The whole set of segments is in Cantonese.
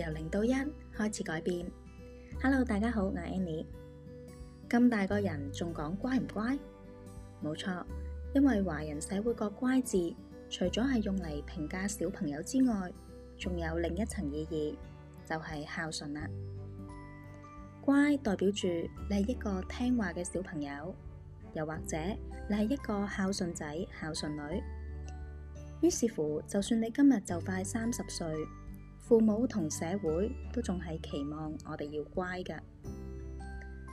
由零到一開始改變。Hello，大家好，我係 Annie。咁大個人仲講乖唔乖？冇錯，因為華人社會個乖字，除咗係用嚟評價小朋友之外，仲有另一層意義，就係孝順啦。乖代表住你係一個聽話嘅小朋友，又或者你係一個孝順仔、孝順女。於是乎，就算你今日就快三十歲。父母同社會都仲係期望我哋要乖噶，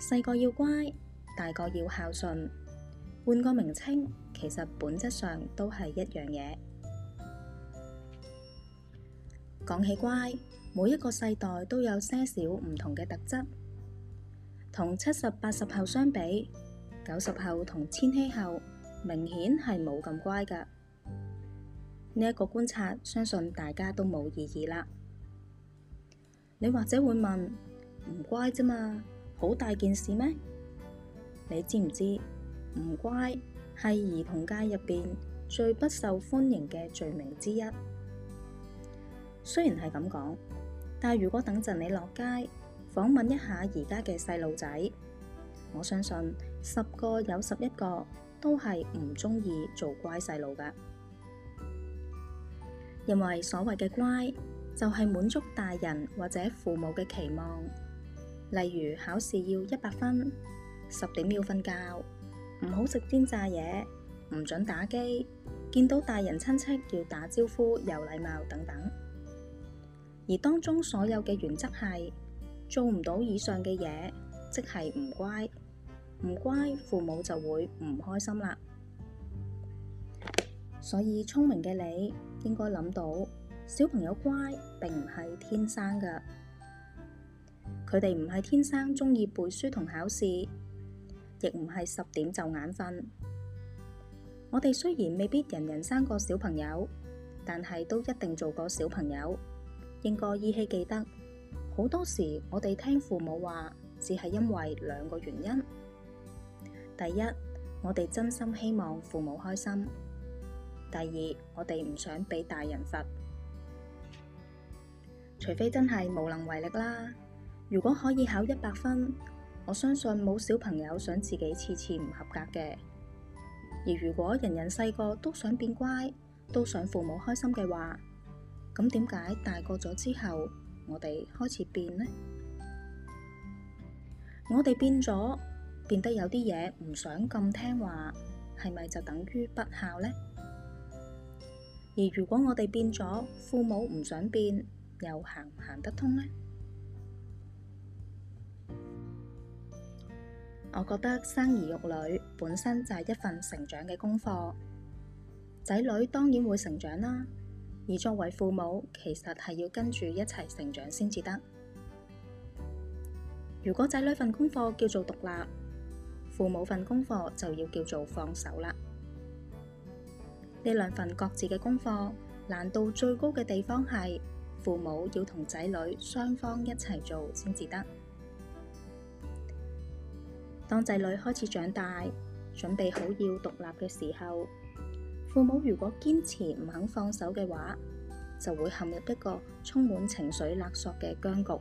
細個要乖，大個要孝順，換個名稱，其實本質上都係一樣嘢。講起乖，每一個世代都有些少唔同嘅特質，同七十八十後相比，九十後同千禧後明顯係冇咁乖噶。呢一個觀察，相信大家都冇異議啦。你或者會問唔乖啫嘛，好大件事咩？你知唔知唔乖係兒童街入邊最不受歡迎嘅罪名之一？雖然係咁講，但如果等陣你落街訪問一下而家嘅細路仔，我相信十個有十一個都係唔鍾意做乖細路噶。因為所謂嘅乖，就係滿足大人或者父母嘅期望，例如考試要一百分，十點要瞓覺，唔好食煎炸嘢，唔准打機，見到大人親戚要打招呼又禮貌等等。而當中所有嘅原則係做唔到以上嘅嘢，即係唔乖，唔乖父母就會唔開心啦。所以聰明嘅你應該諗到。小朋友乖，並唔係天生噶，佢哋唔係天生鍾意背書同考試，亦唔係十點就眼瞓。我哋雖然未必人人生過小朋友，但係都一定做過小朋友，應該依稀記得，好多時我哋聽父母話，只係因為兩個原因：第一，我哋真心希望父母開心；第二，我哋唔想俾大人罰。除非真係無能為力啦。如果可以考一百分，我相信冇小朋友想自己次次唔合格嘅。而如果人人細個都想變乖，都想父母開心嘅話，咁點解大個咗之後，我哋開始變呢？我哋變咗，變得有啲嘢唔想咁聽話，係咪就等於不孝呢？而如果我哋變咗，父母唔想變。又行唔行得通呢？我覺得生兒育女本身就係一份成長嘅功課，仔女當然會成長啦。而作為父母，其實係要跟住一齊成長先至得。如果仔女份功課叫做獨立，父母份功課就要叫做放手啦。呢兩份各自嘅功課，難度最高嘅地方係。父母要同仔女雙方一齊做先至得。當仔女開始長大，準備好要獨立嘅時候，父母如果堅持唔肯放手嘅話，就會陷入一個充滿情緒勒索嘅僵局。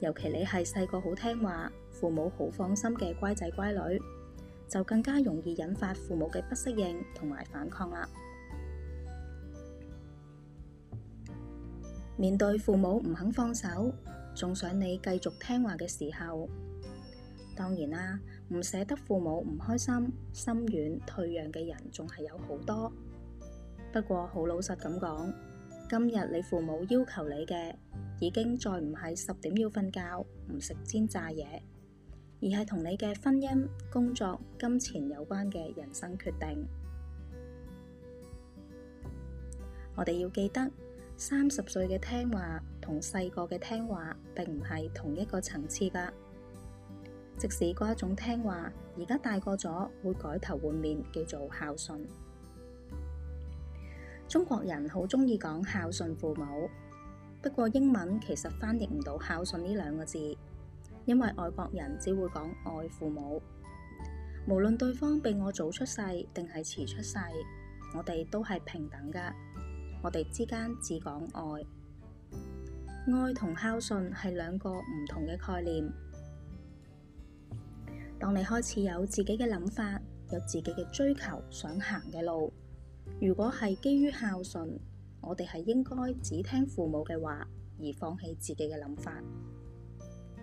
尤其你係細個好聽話，父母好放心嘅乖仔乖女，就更加容易引發父母嘅不適應同埋反抗啦。面對父母唔肯放手，仲想你繼續聽話嘅時候，當然啦，啊，唔捨得父母唔開心、心軟退讓嘅人仲係有好多。不過好老實咁講，今日你父母要求你嘅，已經再唔係十點要瞓覺、唔食煎炸嘢，而係同你嘅婚姻、工作、金錢有關嘅人生決定。我哋要記得。三十歲嘅聽話同細個嘅聽話，並唔係同一個層次噶即使嗰一種聽話，而家大個咗會改頭換面，叫做孝順。中國人好鍾意講孝順父母，不過英文其實翻譯唔到孝順呢兩個字，因為外國人只會講愛父母。無論對方比我早出世定係遲出世，我哋都係平等噶我哋之間只講愛，愛同孝順係兩個唔同嘅概念。當你開始有自己嘅諗法，有自己嘅追求，想行嘅路，如果係基於孝順，我哋係應該只聽父母嘅話而放棄自己嘅諗法。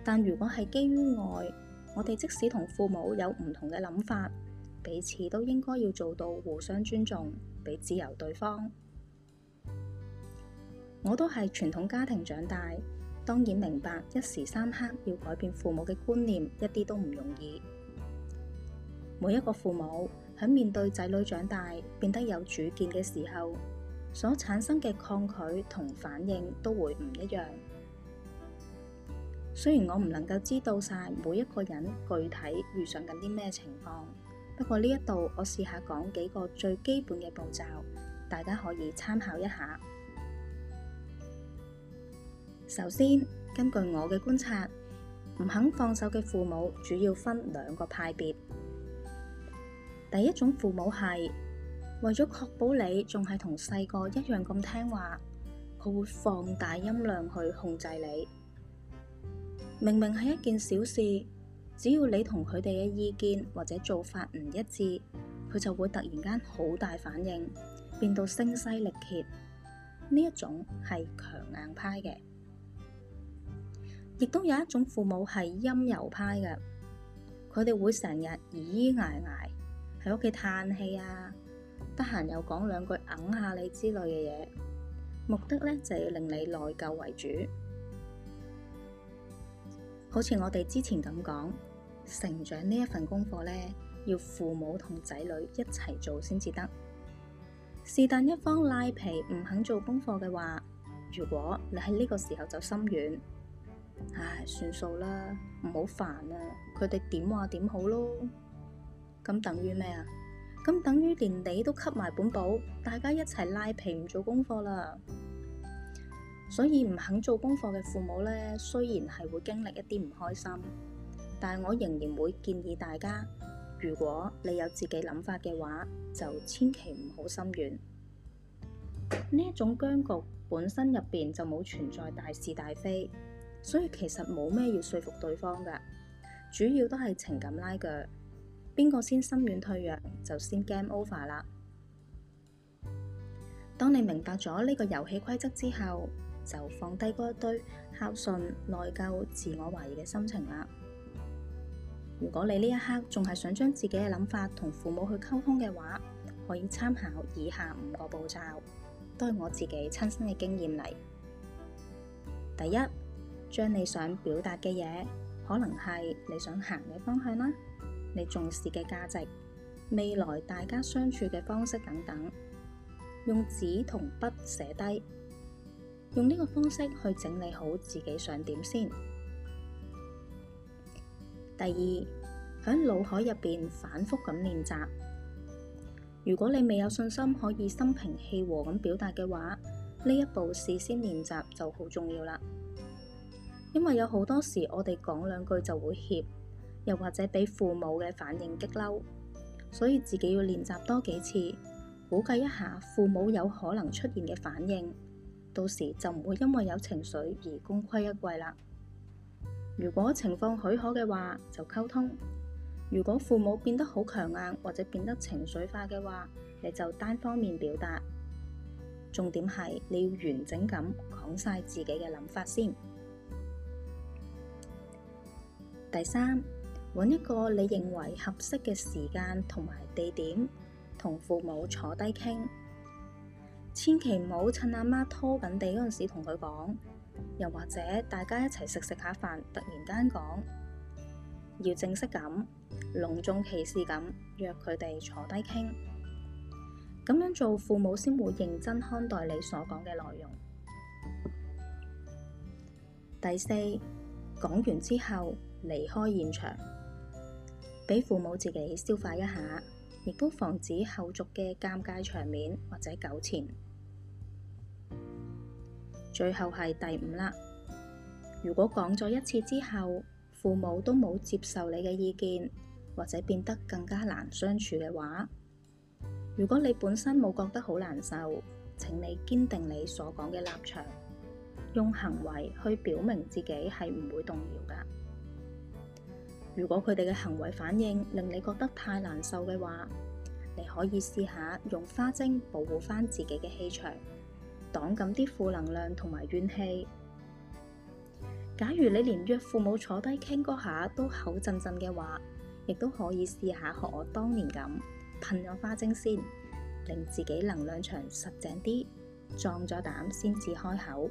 但如果係基於愛，我哋即使同父母有唔同嘅諗法，彼此都應該要做到互相尊重，俾自由對方。我都係傳統家庭長大，當然明白一時三刻要改變父母嘅觀念，一啲都唔容易。每一個父母喺面對仔女長大變得有主見嘅時候，所產生嘅抗拒同反應都會唔一樣。雖然我唔能夠知道晒每一個人具體遇上緊啲咩情況，不過呢一度我試下講幾個最基本嘅步驟，大家可以參考一下。首先，根據我嘅觀察，唔肯放手嘅父母主要分兩個派別。第一種父母係為咗確保你仲係同細個一樣咁聽話，佢會放大音量去控制你。明明係一件小事，只要你同佢哋嘅意見或者做法唔一致，佢就會突然間好大反應，變到聲嘶力竭。呢一種係強硬派嘅。亦都有一種父母係陰柔派嘅，佢哋會成日咦咦咦，挨挨喺屋企嘆氣啊。得閒又講兩句，揞下你之類嘅嘢，目的呢就要令你內疚為主。好似我哋之前咁講，成長呢一份功課呢，要父母同仔女一齊做先至得。是但一方賴皮唔肯做功課嘅話，如果你喺呢個時候就心軟。唉，算數啦，唔好煩啦。佢哋點話點好咯。咁等於咩啊？咁等於連你都吸埋本簿，大家一齊拉皮唔做功課啦。所以唔肯做功課嘅父母呢，雖然係會經歷一啲唔開心，但係我仍然會建議大家，如果你有自己諗法嘅話，就千祈唔好心軟。呢一種僵局本身入邊就冇存在大是大非。所以其實冇咩要說服對方嘅，主要都係情感拉鋸，邊個先心軟退讓就先 game over 啦。當你明白咗呢個遊戲規則之後，就放低嗰一堆孝順、內疚、自我懷疑嘅心情啦。如果你呢一刻仲係想將自己嘅諗法同父母去溝通嘅話，可以參考以下五個步驟，都係我自己親身嘅經驗嚟。第一。將你想表達嘅嘢，可能係你想行嘅方向啦，你重視嘅價值，未來大家相處嘅方式等等，用紙同筆寫低，用呢個方式去整理好自己想點先。第二，喺腦海入邊反覆咁練習。如果你未有信心可以心平氣和咁表達嘅話，呢一步事先練習就好重要啦。因為有好多時，我哋講兩句就會怯，又或者俾父母嘅反應激嬲，所以自己要練習多幾次，估計一下父母有可能出現嘅反應，到時就唔會因為有情緒而功虧一壩功虧一簣啦。如果情況許可嘅話，就溝通；如果父母變得好強硬，或者變得情緒化嘅話，你就單方面表達。重點係你要完整咁講晒自己嘅諗法先。第三，搵一個你認為合適嘅時間同埋地點，同父母坐低傾。千祈唔好趁阿媽，媽拖緊地嗰陣時同佢講，又或者大家一齊食食下飯，突然間講，要正式咁隆重其事咁約佢哋坐低傾。咁樣做，父母先會認真看待你所講嘅內容。第四，講完之後。離開現場，俾父母自己消化一下，亦都防止後續嘅尷尬場面或者糾纏。最後係第五啦，如果講咗一次之後，父母都冇接受你嘅意見，或者變得更加難相處嘅話，如果你本身冇覺得好難受，請你堅定你所講嘅立場，用行為去表明自己係唔會動搖㗎。如果佢哋嘅行為反應令你覺得太難受嘅話，你可以試下用花精保護翻自己嘅氣場，擋緊啲負能量同埋怨氣。假如你連約父母坐低傾嗰下都口震震嘅話，亦都可以試下學我當年咁噴咗花精先，令自己能量場實淨啲，壯咗膽先至開口。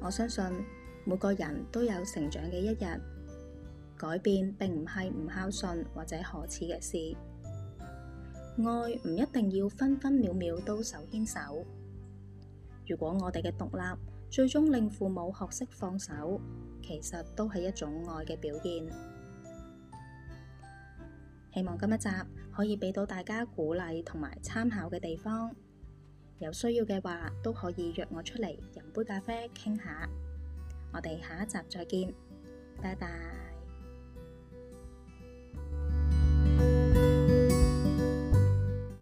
我相信。每個人都有成長嘅一日，改變並唔係唔孝順或者可恥嘅事。愛唔一定要分分秒秒都手牽手。如果我哋嘅獨立最終令父母學識放手，其實都係一種愛嘅表現。希望今一集可以俾到大家鼓勵同埋參考嘅地方。有需要嘅話都可以約我出嚟飲杯咖啡傾下。我哋下一集再見，拜拜。